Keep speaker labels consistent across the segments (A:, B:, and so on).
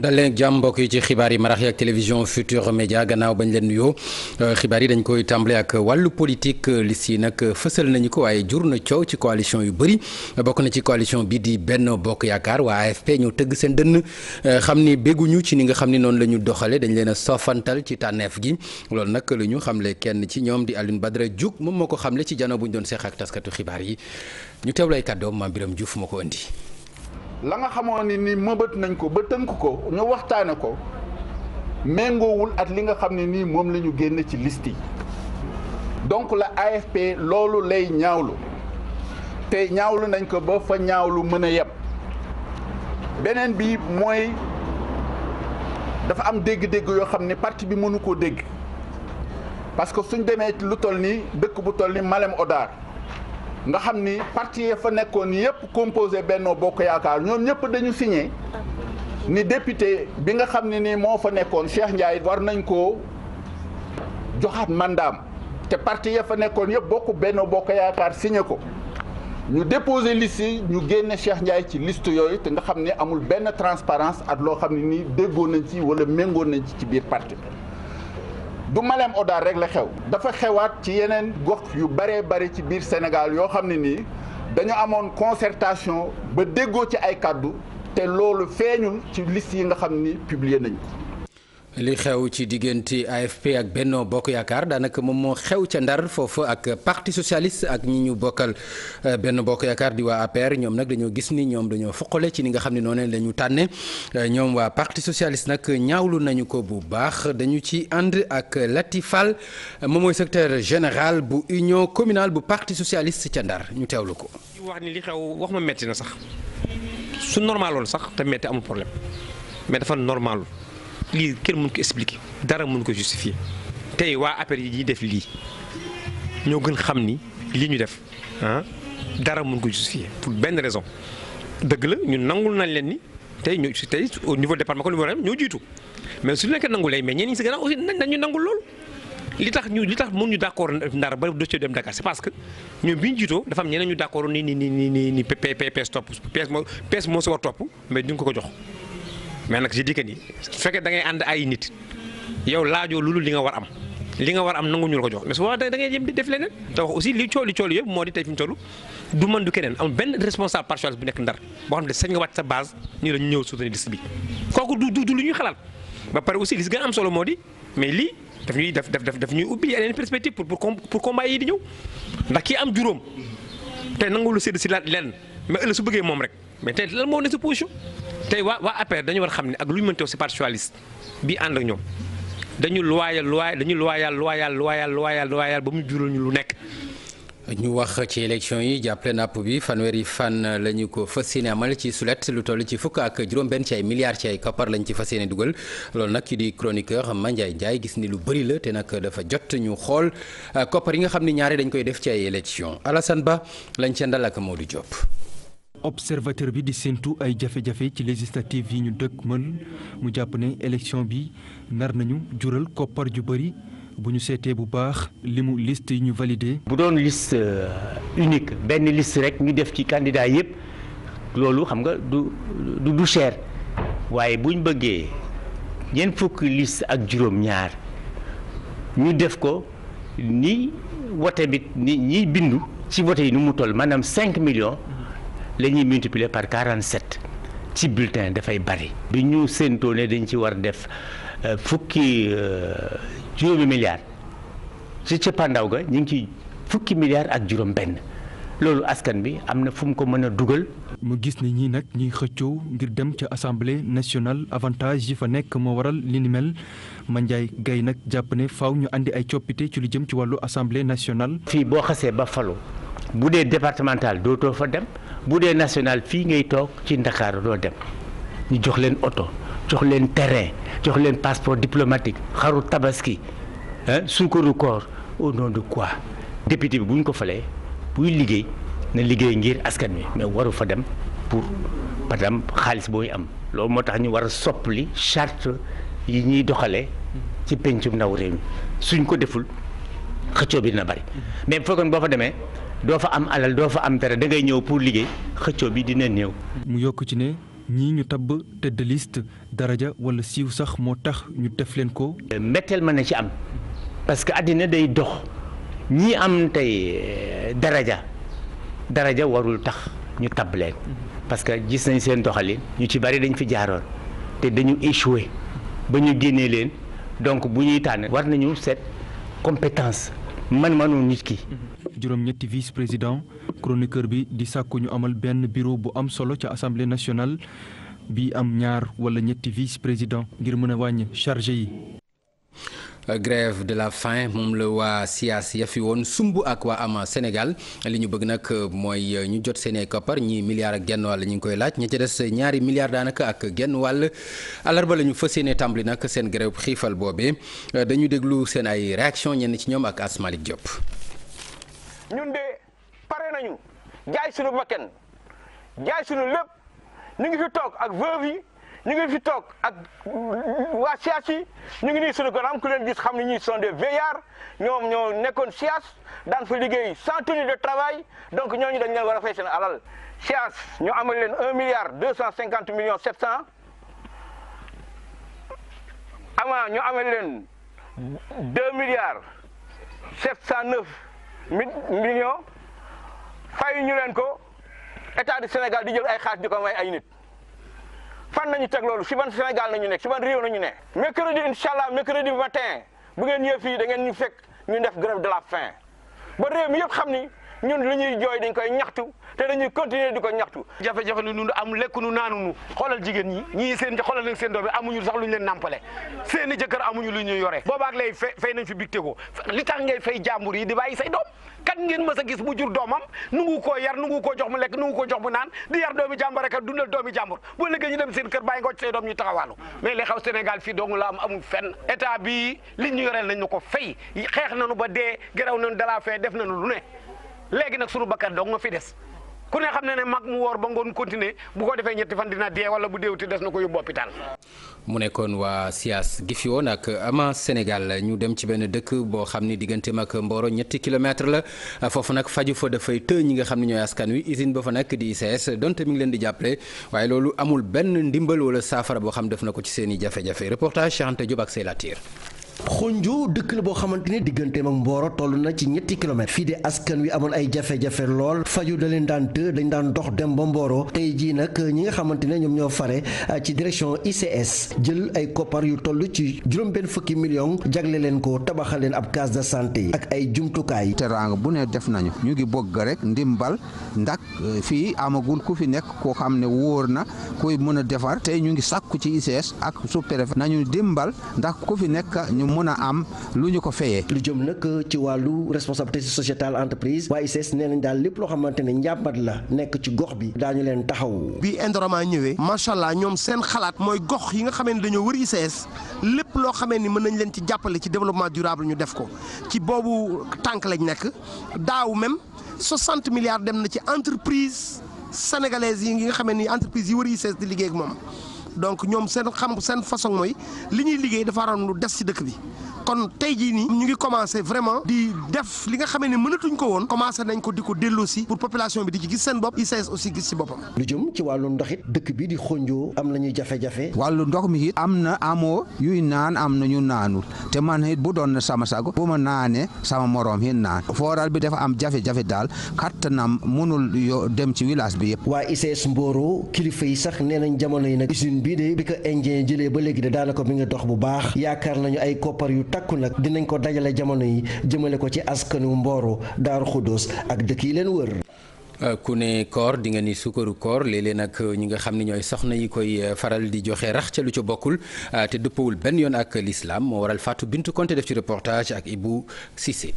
A: dal leen jàmm mbokk yi ci xibaar yi marax yi ak télévision Futur Média gannaaw bañ leen yoo euh, xibaar yi dañ koy tàmbale ak wàllu politique euh, li si nag euh, fësal nañu ko waaye jur na coow ci coalition yu bëri bokk na ci coalition bi di benn Bokk Yaakaar waa AFP ñoo tëgg seen dënn xam ni bégguñu ci ni nga xam ni noonu la ñu doxale dañ leen a sofantal ci tànneef gi loolu nag lu ñu xamle kenn ci ñoom di Alioune Badara Diouf moom moo ko xamle ci jano bu ñu doon seex ak taskatu xibaar yi ñu teew lay kàddoom Mame Birame Diouf moo ko
B: la nga xamoon ni ni mëbët nañ ko ba tënk ko ñu waxtaane ko méngoowul at li nga xam ne nii moom la ñu génn ci liste yi donc la AFP loolu lay ñaawlu te ñaawlu nañ ko ba fa ñaawlu mën a yem beneen bi mooy dafa am dégg-dégg yoo xam ne parti bi mënu koo dégg parce que suñ demee lu toll nii dëkk bu toll ni Malem Odar nga xam ni parti ya fa nekkoon yëpp composé Benno Bokk Yaakaar ñoom ñëpp dañu signé ni député bi nga xam ne ni moo fa nekkoon Cheikh Ndiaye war nañ koo joxaat mandaam te parti ya fa nekkoon yëpp bokk Benno Bokk Yaakaar signé ko ñu déposé liste yi ñu génne Cheikh Ndiaye ci liste yooyu te nga xam ni amul benn transparence ak loo xam ne nii déggoo nañ ci wala méngoo nañ ci ci biir parti du Malem Hodar rek la xew dafa xewaat ci yeneen gox yu bëree bëri ci biir Sénégal yoo xam ne nii dañu amoon concertation ba déggoo ci ay kàddu te loolu feeñul ci liste yi nga xam ni publier nañ
A: li xew ci diggante AFP ak benn Bokk Yaakaar daanaka moom moo xew ca Ndar foofu ak parti socialiste ak ñi ñu bokkal euh, benn Bokk Yaakaar di waa APR ñoom nag dañoo gis ni ñoom dañoo foqale ci ni nga xam ne noonu dañu ñu tànne euh, ñoom waa parti socialiste nag ñaawlu nañu ko bu baax dañu ci ànd ak Lati Fall moom mooy secrétaire général bu union communal bu parti socialiste ca Ndar ñu teewlu ko.
C: wax ni li xew wax ma metti na sax su normaloon sax te metti problème mais dafa normal. lii kenn mënu ko expliquer dara mënu ko justifier tey waa affaire yi ñuy def lii ñoo gën xam ni lii ñu def ah dara mënu ko justifier pour benn raison dëgg la ñun nangul nañ leen ni tey ñu tey au niveau département comme ni ñoo jiitu mais su ñu leen ko nangulee mais ñenn ñi si gën a aussi nañ ñu nangul loolu. li tax ñu li tax mënuñu d' accord ndar ba dossier dem Dakar c' parce que ñoom bi ñu jiitoo dafa am ñeneen ñu d' accord ni nii ni ni ni ni PS topp PS moo PS moo si war topp ko ko jox. mais nag je dis que fekkee da ngay ànd ay nit yow laajoo lu lu li nga war am li nga war am nangu ñu ko jox mais su da ngay jëm def leneen te wax li cooli cooli yëpp moo di tey fi mu toll du mën du keneen amul benn responsable partial bu nekk ndar boo xam ne sañ nga wàcc sa base ñu la ñu ñëw soutenir bi kooku du du lu ñuy xalaat ba pare aussi li si am solo moo di mais lii daf ñuy daf daf daf ñuy ubbi yeneen perspective pour pour combat yi di ñëw ndax am juróom te nangu lu sédd si lenn mais ëllëg su bëggee moom rek mais tey lan moo ne sa position tey waa waa APR dañu war xam ne ak lu ñu mënti si parti socialiste bi ànd ak ñoom dañu
A: loyal loyal dañu loyal loyal loyal loyal loyal ba mu jural ñu lu nekk. ñu wax ci élection yi jàppale napp bi fanweeri fan la ñu ko fas yéene amal ci sulet lu toll ci fukk ak juróom-benn ci ay milliards ci ay koppar lañ ci fas yéene dugal loolu nag ki di chroniqueur Mandiaye Ndiaye gis ni lu bëri la te nag dafa jot ñu xool koppar yi nga xam ni ñaare dañ koy def ci ay élection Alassane Ba lañ ca ndal ak Modou Diop. observateur bi di séntu ay jafe-jafe ci législative yi ñu dëkk mën mu jàpp ne élection bi nar nañu jural koppar ju bëri bu ñu seetee bu baax limu list yi ñu validé.
D: bu doon liste euh, unique benn list rek ñu def ci candidat yëpp loolu xam nga du du du waaye bu ñu bëggee ñeent fukk list ak juróom-ñaar ñu def ko ni wote bi ni ñiy bindu ci wote yi nu mu toll maanaam cinq millions. la ñuy multiplier par 47 ci bulletin dafay bari. bi ñu séentoo ne dañ ci war def euh, fukki euh, juróomi milliards ci cëppaandaw ga ñu ngi ci fukki milliards ak juróom benn loolu askan bi am na fu mu ko mën a dugal.
A: mu gis ni ñii nag ñuy xëccoo ngir dem ca assemblée nationale avantage yi fa nekk moo waral li ni mel Mandiaye Gaye
D: nag jàpp ne faaw ñu andi ay coppite ci lu jëm ci wàllu assemblée nationale. fii boo xasee ba falu bu dee départemental dootoo fa dem bu dee nationale fii ngay toog ci Ndakaaru doo dem ñu jox leen oto jox leen terrain jox leen passeport diplomatique xaru tabaski ah suukaru koor au nom de quoi député bi buñ ko falee buy liggéey na liggéey ngir askan wi mais waru fa dem pour padam xaalis booy am loolu moo tax ñu war a soppali charte yi ñuy doxalee ci pencum ndaw réew mi suñ ko deful xëccoo bi dina bari mais bu fekkoon boo fa demee. doo fa am alal doo fa am dara da ñëw pour liggéey xëccoo bi dina néew.
A: mu yokk ci ne ñii
D: ñu tabb tête de liste
A: daraja wala siiw sax moo tax ñu def leen ko.
D: mbetteel mën na ci am parce que àddina day dox ñii am tey euh, daraja daraja warul tax ñu tabb leen parce que gis nañ seen doxalin ñu ci bari dañ fi jaaroon te dañu échoué ba ñu génnee leen donc bu ñuy tànn war nañu seet compétence man-manu nit ki. juróom-ñetti vice
A: président chroniqueur bi di sàkku ñu amal benn bureau bu am solo ca assemblée nationale bi am ñaar wala ñetti vice président ngir mën a wàññi chargé yi. grève de la fin moom la waa siyaas ya fi woon sumb ak waa am Sénégal li ñu bëgg nag mooy ñu jot seen koppar ñi milliards ak genn wàll ñu ngi koy laaj ña ci des ñaari milliards daanaka ak genn wàll alarba la ñu fas yéene tàmbali nag seen grève xiifal boobee dañu déglu seen ay réaction ñenn ci ñoom ak Asmalik Diop.
C: ñun de pare nañu jaay suñu bakken jaay sunu lépp ñu ngi fi toog ak veuve yi ñu ngi fi toog ak waa siyaas ñu ngi nii suñu kon am ku leen gis xam ne ñuy sont des vieillards ñoom ñoo nekkoon siyaas daan fa liggéey sans tenue de travail donc ñu dañ leen war a fay seen alal siyaas ñu amal leen un milliard deux cent cinquante millions sept cent ama ñu amal leen deux milliards sept cent neuf million fay ñu leen ko état du Sénégal di jël ay xaalis di ko may ay nit fan nañu teg loolu si ban Sénégal nañu nekk si ban réew nañu ne mercredi incha allah mercredi matin bu ngeen ñëw fii da ngeen ñu fekk ñu def grève de la fin ba réew mi yëpp xam ni ñun lu ñuy jooy dañ koy ñaxtu te dañuy continuer di ko ñaxtu jafe-jafe nu nun am lekku nu naanu nu xoolal jigéen ñi ñii seen xoolal nag seen bi amuñu sax lu ñu leen nàmpale seen i jëkkër amuñu lu ñuy yore boobaak fay nañ fi big tegoo li tax ngay fay jàmbur yi di bàyyi say doom kan ngeen mës a gis mu jur doomam nu ngu koo yar nu koo jox mu lekk nu ngu koo jox mu naan di yar doomi jàmbur rek dundal doomi jàmbur ñu dem seen kër bàyyi nga say doom ñu taxawaalu mais li xaw Sénégal fii dong la am amul fenn état bi li ñu yoreel nañ ñu ko fay xeex nañu ba dee geraw nañu dalaa fee def nañu lu ne léegi nag sunu bakkan dong nga fi des ku ne xam na ne mag mu woor ba ngoon continuer bu ko defee ñetti fan dina dee wala bu deewti des na ko yóbbu hôpital
A: mu nekkoon waa siyaas gi fi woon ak ama Sénégal ñu dem ci benn dëkk boo xam ni diggante mag mbooroo ñetti kilomètre la foofu nag faju fa dafay të ñi nga xam ne ñooy askan wi usine ba fa nekk di ICS donte mu ngi leen di jàppale waaye loolu amul benn ndimbal wala saafara boo xam def na ko ci seen i jafe-jafe reportage Cheikh Anta Diop xonjo dëkk la boo xamante ni digganteem ak Mboro toll na ci ñetti kilomètres fii de askan wi amoon ay jafe-jafe lool faju da leen daan të dañ daan dox dem ba mbooroo tey jii nag ñi nga xamante ne ñoom ñoo fare ah, ci direction ICS jël ay koppar yu toll ci juróom-benn fukki million jagle leen ko tabaxal leen ab case de santé ak ay jumtukaay. teraanga bu ne def nañu ñu ngi bogg rek ndimbal ndax eh, fii amagul ku fi nekk koo xam ne wóor na koy mën a defar tey ñu ngi sàkku ci ICS ak sous-préfet nañu mën a am lu ñu ko fayee. lu jëm nag ci wàllu responsabilité sociétale entreprise waa ICS nee nañ daal lépp loo xamante ne njàmbat la nekk ci gox bi daañu leen taxaw. bi Indorama ñëwee macha
C: allah ñoom seen xalaat mooy gox yi nga xamee ne dañoo wër ICS lépp loo xamee ni mën nañ leen ci jàppale ci développement durable ñu def ko ci boobu tànk lañ nekk daaw même 60 milliards dem na ci entreprise sénégalaise yi nga xamee ni entreprise yi wër ICS di liggéey ak moom. donc ñoom seen xam seen façon mooy li ñuy liggéey dafa waroon lu des ci dëkk bi kon tey jii nii ñu ngi commencé vraiment di def li nga xamee ne mënatuñ ko woon commencé nañ ko di ko si pour population bi di ci gis seen bopp ICS aussi gis ci boppam.
A: lu jëm ci wàllu ndox dëkk bi di xonjoo am nañu jafe-jafe. wàllu ndox mi it am na amoo yuy naan am na ñu naanul te man it bu doon na sama sago bu ma naanee sama moroom hin naan fooral bi dafa am jafe-jafe daal kattanam mënul yo dem ci village bi yëpp. waa ICS Mboro kilifa yi sax nee nañ jamono yi nag usine bii de bi ko indien jëlee ba léegi de daanaka mi ngi dox bu baax yaakaar nañu ay koppar yu takku nag dinañ ko dajale jamono yi jëmale ko ci askanu Mboro Daaru Xuddoos ak dëkk yi leen wër. Euh, ku ne koor di nga ni suukaru koor léeg-léeg nag euh, ñi nga xam ne ñooy soxna yi koy euh, faral di joxe rax ca lu ca bokkul te dëppawul benn yoon ak lislaam moo waral Fatou bintu Konté def ci reportage ak Ibou Cissé.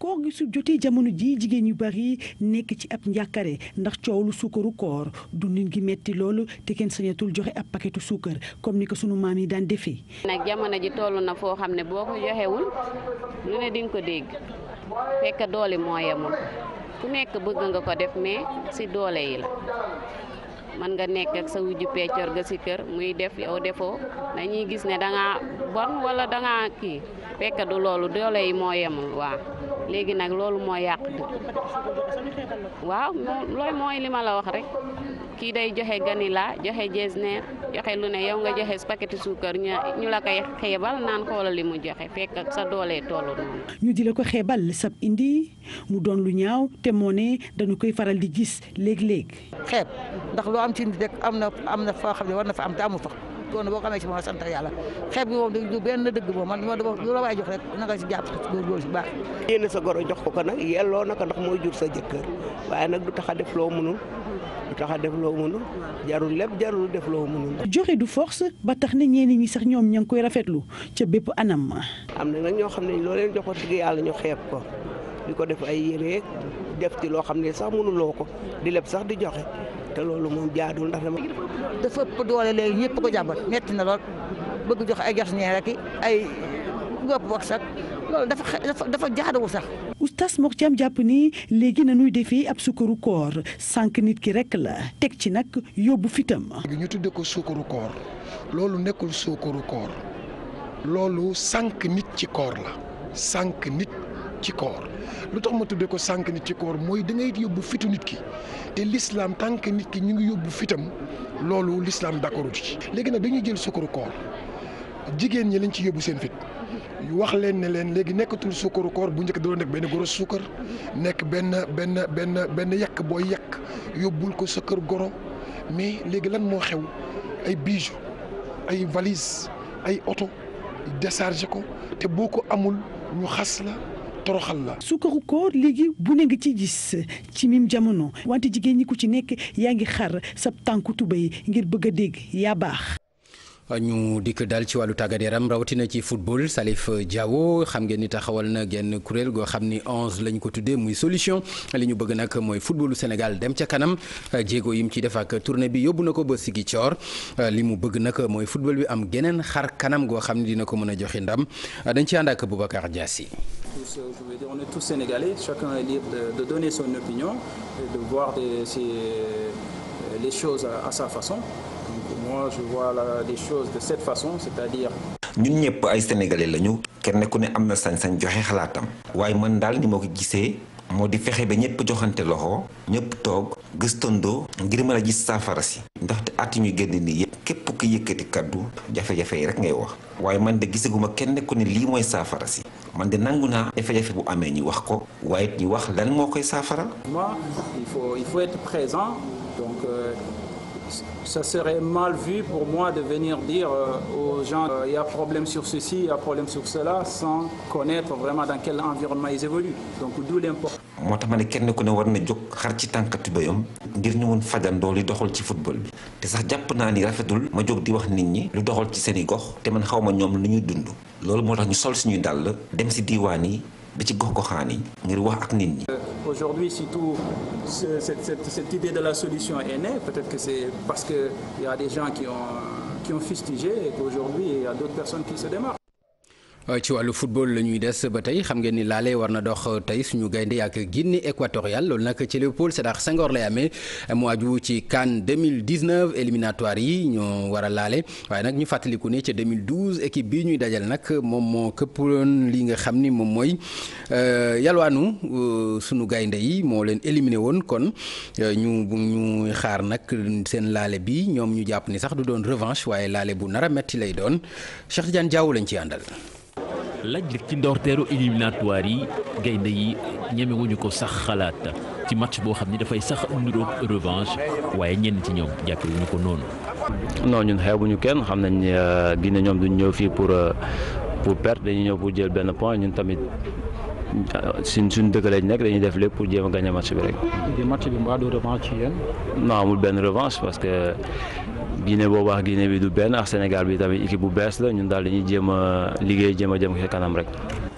E: koor gi su jotee jamono ji jigéen yu bari nekk ci ab njàkkare ndax coow lu suukaru koor dundin gi metti loolu te kenn sañatul joxe ab paquetu suukar comme ni ko sunu maam yi daan defee.
C: nag jamono ji toll na foo xam ne boo ko joxewul lu ne dinga ko dégg fekk doole ku nekk bëgg nga ko def mais si doole yi la mën nga nekk ak sa wujju peccor ga si kër muy def yow defoo dañuy gis ne danga bon wala danga kii fekk loolu doole yi moo yemul waaw léegi nag loolu moo yàq dëkk waaw mooy li ma la wax rek kii day joxe ganila joxe jees jesner joxe lu ne yow nga joxe paquetu suukar ñu la koy xeebal naan xoolal li mu joxe fekk sa doolee tollu noonu.
E: ñu di la ko xeebal sab indi mu doon lu ñaaw te moo ne dañu koy faral di gis léeg-léeg. xeeb ndax loo am ci indi rek am na am na foo xam ne war na fa am te amu fa. góor na boo ko amee ci moom sant yàlla xeeb gi moom du benn dëgg moom man ma lu jox rek na nga si jàpp si góorgóor si baax
D: yéene sa goro jox ko ko nag yelloo na ko mooy jur sa
C: jëkkër waaye nag du tax a def loo mënul du tax a def loo mënul jarul lépp jarul def loo mënul
E: joxe du force ba tax na ñenn ñi sax ñoom ña ngi koy rafetlu ca bépp anam
C: am na nag ñoo xam ne loo leen jox ko dëgg yàlla ñu xeeb ko di ko def ay yére
D: def ci loo xam ne sax mënuloo ko di leb sax di joxe te loolu moom jaadul ndax dama.
E: dafa ëpp doole léegi ñëpp ko jàmbat metti na lool bëgg joxe ay gasneer ak ay gopp wax sax loolu dafa dafa jaaduwul sax. oustaz Mor Thiam jàpp nii léegi na nañuy defee ab sukkaru koor sànq nit ki rek la teg ci nag yóbbu fitam léegi
B: ñu tuddee ko sukkaru koor loolu nekkul sukkaru koor
E: loolu sànq
B: nit ci koor la sànq nit. ci koor lu tax ma tuddee ko sànq nit ci koor mooy da ngay yóbbu fitu nit ki te l'islam tànk nit ki ñu ngi yóbbu fitam loolu l'islam d'accord ci léegi nag dañuy jël sukkaru koor jigéen ñi lañ ci yóbbu seen fit wax leen ne leen léegi nekkatul sukkaru koor bu njëkk doon nekk benn goro suukar nekk benn benn benn benn yàq booy yàq yóbbul ko sa kër goro mais léegi lan moo xew ay bijoux ay valise ay oto déchargé ko
E: te boo ko amul ñu xas la toroxal la. suukaru koor léegi bu ne nga ci gis ci mim jamono wante jigéen ñi ku ci nekk yaa ngi xar sab tànku tubéy ngir bëgg a dégg yaa baax.
A: ñu dikk daal ci wàllu tàggat yaram rawatina ci football Salif jawo xam ngeen ni taxawal na genn kuréel goo xam ni onge lañu ko tuddee muy solution li ñu bëgg nag mooy footballu Sénégal dem ca kanam jéego yi mu ci def ak tournée bi yóbbu na ko ba Ziguinchor li mu bëgg nag mooy football bi am geneen xar kanam goo xam ni dina ko mën a joxe ndam dañ ci ànd ak Boubacar Diassi
B: tous, euh, je veux dire, chacun est libre de, de son opinion et de voir des, euh, ses, à, sa façon. Donc moi, je vois la, les choses de cette façon, c'est-à-dire...
C: ñun ñëpp ay sénégalais lañu kenn ku ne am na sañ-sañ joxe xalaatam waaye man daal ni ma ko gisee moo di fexe ba ñëpp joxante loxo ñëpp toog gëstandoo ngir mën a gis saafara si ndaxte at yu génn nii yëpp képp ku yëkkati kaddu jafe-jafe yi rek ngay wax waaye man de gisaguma kenn ku ne lii mooy saafara si man de nangu naa jafe bu amee ñu wax ko waaye it ñu wax lan moo koy saafara.
B: moi il faut il faut être présent donc. Euh... ça mal vu pour moi de venir dire euh, aux gens euh, y problème sur ceci, il y a problème sur cela sans connaître vraiment dans quel environnement ils évoluent donc d'où l'importance
C: moo tax ma ne kenn ku ne war na jóg xar ci tànkati bayam ngir ñu woon fajandoo li doxal ci football bi te sax jàpp naa ni rafetul ma jóg di wax nit ñi lu doxal ci seen i gox te man xaw ma ñoom lu ñu dund loolu moo tax ñu sol suñuy dàll dem si diiwaan yi ba ci gox-goxaan yi ngir wax ak nit ñi. Euh,
B: aujourd'hui surtout cette, idée de la solution est née peut-être que c'est parce que il y a des gens qui ont qui et qu'aujourd'hui il y d'autres personnes qui se démarquent.
A: Euh, ci wàllu football la ñuy des ba tey xam ngeen ni laale war na dox euh, tey suñu gaynde ak Guinée équatoriale loolu nag ci Léopold Sédar Senghor lay amee mu aju ci CAN 2019 éliminatoires yi ñoo war laale waaye nag ñu fàttaliku ne ca 2012 équipe bi ñuy dajal nag moom moo këppoon lii nga xam ni moom mooy euh, yalwaanu suñu gaynde yi moo leen éliminé woon kon ñu ñu xaar nag seen laale bi ñoom ñu jàpp ni sax du doon revanche waaye laale bu nar a metti lay doon Cheikh Tidiane lañ ci àndal.
D: laj ci ndorteeru éliminatoire yi gaynde yi ñemewuñu ko sax xalaat ci match boo xam ni dafay sax niroog revanche waaye ñenn ci ñoom jàppewuñu ko noonu. non ñun ñu kenn xam nañ ne euh, ñoom duñ ñëw fii pour euh, pour perdre dañuy ñëw pour jël benn point ñun tamit. Euh, suñ suñ dëkk lañ nekk dañuy def lépp pour jéem a gagné match bi rek.
A: match bi mbaa du revanche ci yéen.
D: non amul benn revanche parce que Guinée boobu wax Guinée bi du benn ak Sénégal bi tamit équipe bu bees la ñun daal dañuy jéem a liggéey jéem a jëm kanam rek.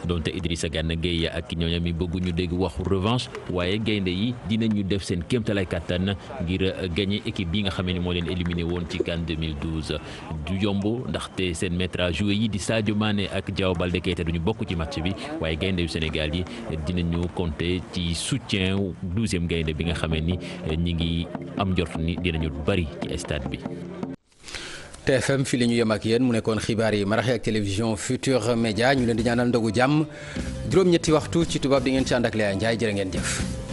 D: donte Idrissa Gana Gueye ak ñooñam yi bëgguñu dégg waxu revanche waaye gaynde yi ñu def seen kéemtalaay kàttan ngir gagné équipe bi nga xamee ne moo leen éliminé woon ci CAN 2012 du yomb ndaxte seen maître à jouer yi di Sadio Mané ak Diao Baldé Keita duñu bokk ci match bi waaye gaynde Sénégal yi dinañu compter ci soutien douzième gaynde bi nga xamee ni ñi ngi am njort ni dinañu bari ci stade bi
A: TFM fii li ñu yem ak yéen mu nekkoon xibaar yi marax ak télévision Futur Média ñu leen di ñaanal ndogu jàmm juróom-ñetti waxtu ci tubaab di ngeen ci ànd ak Lea Ndiaye ngeen jëf.